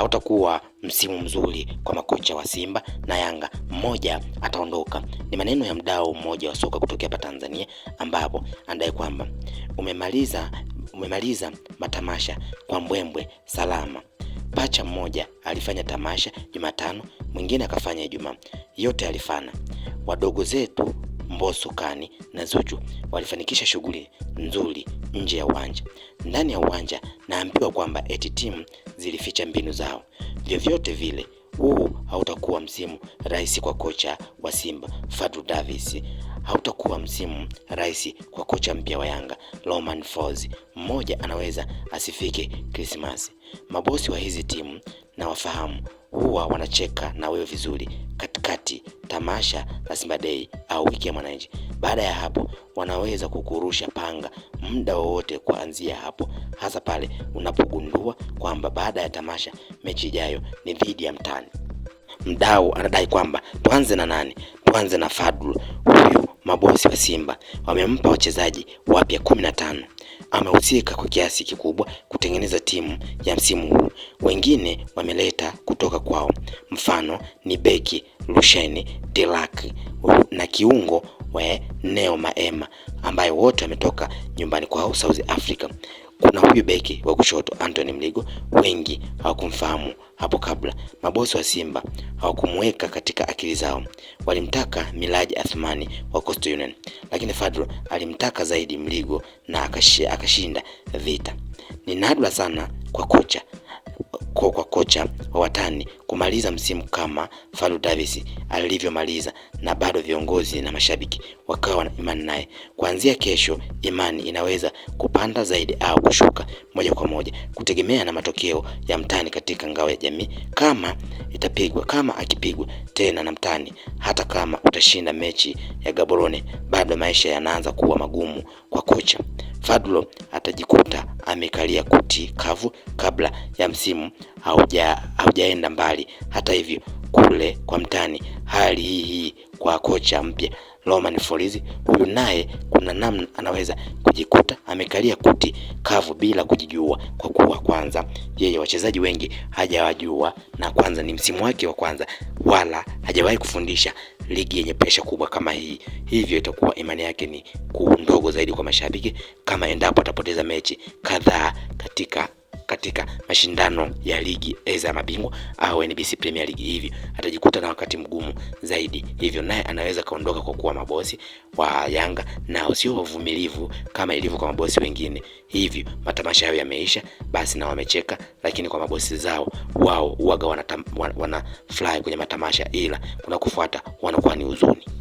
hautakuwa msimu mzuri kwa makocha wa Simba na Yanga, mmoja ataondoka. Ni maneno ya mdau mmoja wa soka kutokea hapa Tanzania, ambapo anadai kwamba umemaliza umemaliza matamasha kwa mbwembwe salama. Pacha mmoja alifanya tamasha Jumatano, mwingine akafanya Ijumaa, yote alifana. Wadogo zetu Mbosso Kani na Zuchu walifanikisha shughuli nzuri nje ya uwanja. Ndani ya uwanja, naambiwa kwamba eti timu zilificha mbinu zao. Vyovyote vile, huu hautakuwa msimu rahisi kwa kocha wa Simba Fadlu Davis, hautakuwa msimu rahisi kwa kocha mpya wa Yanga Romain Folz. Mmoja anaweza asifike Krismasi. Mabosi wa hizi timu na wafahamu huwa wanacheka na wewe vizuri katikati tamasha la Simba Day au wiki ya mwananchi. Baada ya hapo, wanaweza kukurusha panga muda wowote kuanzia hapo, hasa pale unapogundua kwamba baada ya tamasha mechi ijayo ni dhidi ya mtani. Mdau anadai kwamba tuanze na nani? Tuanze na Fadlu. Huyu mabosi wa Simba wamempa wachezaji wapya kumi na tano amehusika kwa kiasi kikubwa kutengeneza timu ya msimu huu. Wengine wameleta kutoka kwao, mfano ni beki Lusheni Delak na kiungo wa Neo Maema ambaye wote wametoka nyumbani kwao South Africa kuna huyu beki wa kushoto Anthony Mligo, wengi hawakumfahamu hapo kabla. Mabosi wa Simba hawakumweka katika akili zao, walimtaka Miraji Athmani wa Coastal Union, lakini Fadlu alimtaka zaidi Mligo na akashinda vita. Ni nadra sana kwa kocha kwa, kwa kocha wa watani kumaliza msimu kama Falu Davis alivyomaliza, na bado viongozi na mashabiki wakawa na imani naye. Kuanzia kesho, imani inaweza kupanda zaidi au kushuka moja kwa moja kutegemea na matokeo ya mtani katika ngao ya jamii, kama itapigwa kama akipigwa tena na mtani. Hata kama utashinda mechi ya Gaborone, bado maisha yanaanza kuwa magumu kwa kocha. Fadlo atajikuta amekalia kuti kavu kabla ya msimu haujaenda mbali. Hata hivyo, kule kwa mtani hali hii hii kwa kocha mpya Roman Folz. Huyu naye kuna namna anaweza kujikuta amekalia kuti kavu bila kujijua, kwa kuwa kwanza yeye wachezaji wengi hajawajua, na kwanza ni msimu wake wa kwanza, wala hajawahi kufundisha ligi yenye presha kubwa kama hii, hivyo itakuwa imani yake ni ndogo zaidi kwa mashabiki, kama endapo atapoteza mechi kadhaa katika katika mashindano ya ligi za mabingwa au NBC Premier League, hivi atajikuta na wakati mgumu zaidi, hivyo naye anaweza kaondoka kwa kuwa mabosi wa Yanga nao sio wavumilivu kama ilivyo kwa mabosi wengine. Hivyo matamasha yao yameisha, basi na wamecheka, lakini kwa mabosi zao wao huaga wana, wana kwenye matamasha, ila kuna kufuata wanakuwa ni huzuni.